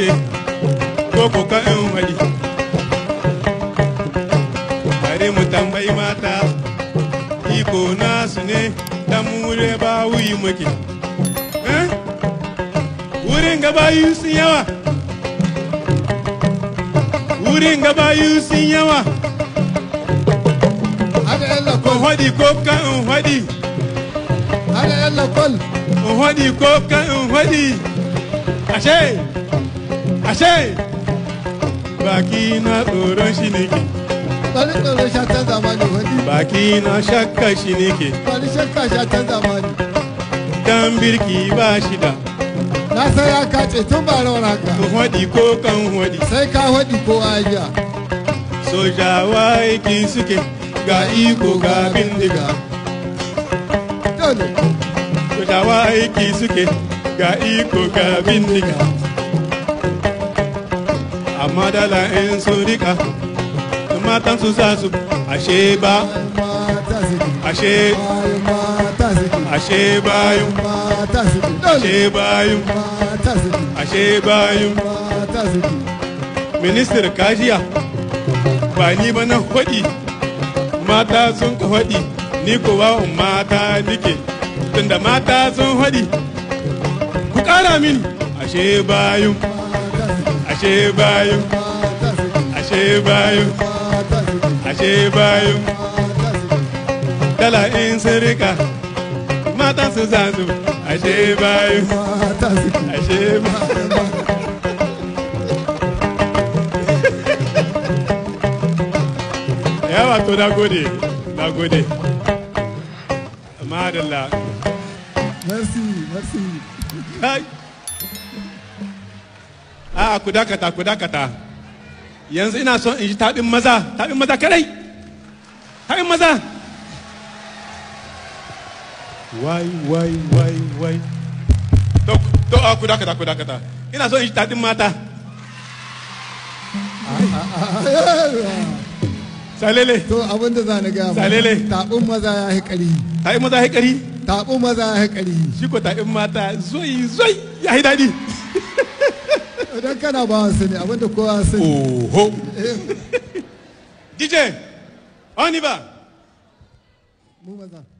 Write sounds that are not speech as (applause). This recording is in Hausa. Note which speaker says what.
Speaker 1: ce ko ka in wani bare mu tambayi mata iko nasu ne dan mure ba wuyi muke eh? wurin gaba yi sun yawa wurin gaba yi sun yawa ko haɗi ko ka in haɗi in haɗi ko ka in haɗi ashe ashe baki na tsoron shi ne nake bari tsoron shatan zamani wani baki na shakka shi nake bari shakka shatan zamani dan birki ba shi da na san ya kace tun ba raura ka ku hodi ko kan hodi sai ka hodi ko aja sojawa yake suke ga iko ga bindiga sojawa yake suke ga iko ga bindiga amma dala in sun rika matan su sa su ashe ba ashe ashe bayu ashe bayu ashe bayu minister kajiya ba ni ba na hudi mata sun ka hudi ni kowa mata nike tunda mata sun hudi ku kara mini ashe bayu ashe bayu ashe bayu ashe bayu dala in sirika, rika matan su zazu ashe bayu ashe bayu yawa to na gode na gode madalla merci merci a'a ku dakata ku dakata yanzu ina son in ji taɓin maza taɓin maza kadai taɓin maza wai wai wai wai to a ah, ku dakata ku dakata ina son in ji taɓin mata salele to abin da za na gaya salele taɓin maza ya yi ƙari taɓin maza ya yi ƙari taɓin maza ya yi ƙari shi ko taɓin mata zoyi zoyi ya yi daɗi (laughs) idan kana ba sani abinda kowa sani oho eh. (laughs) dj oniba mu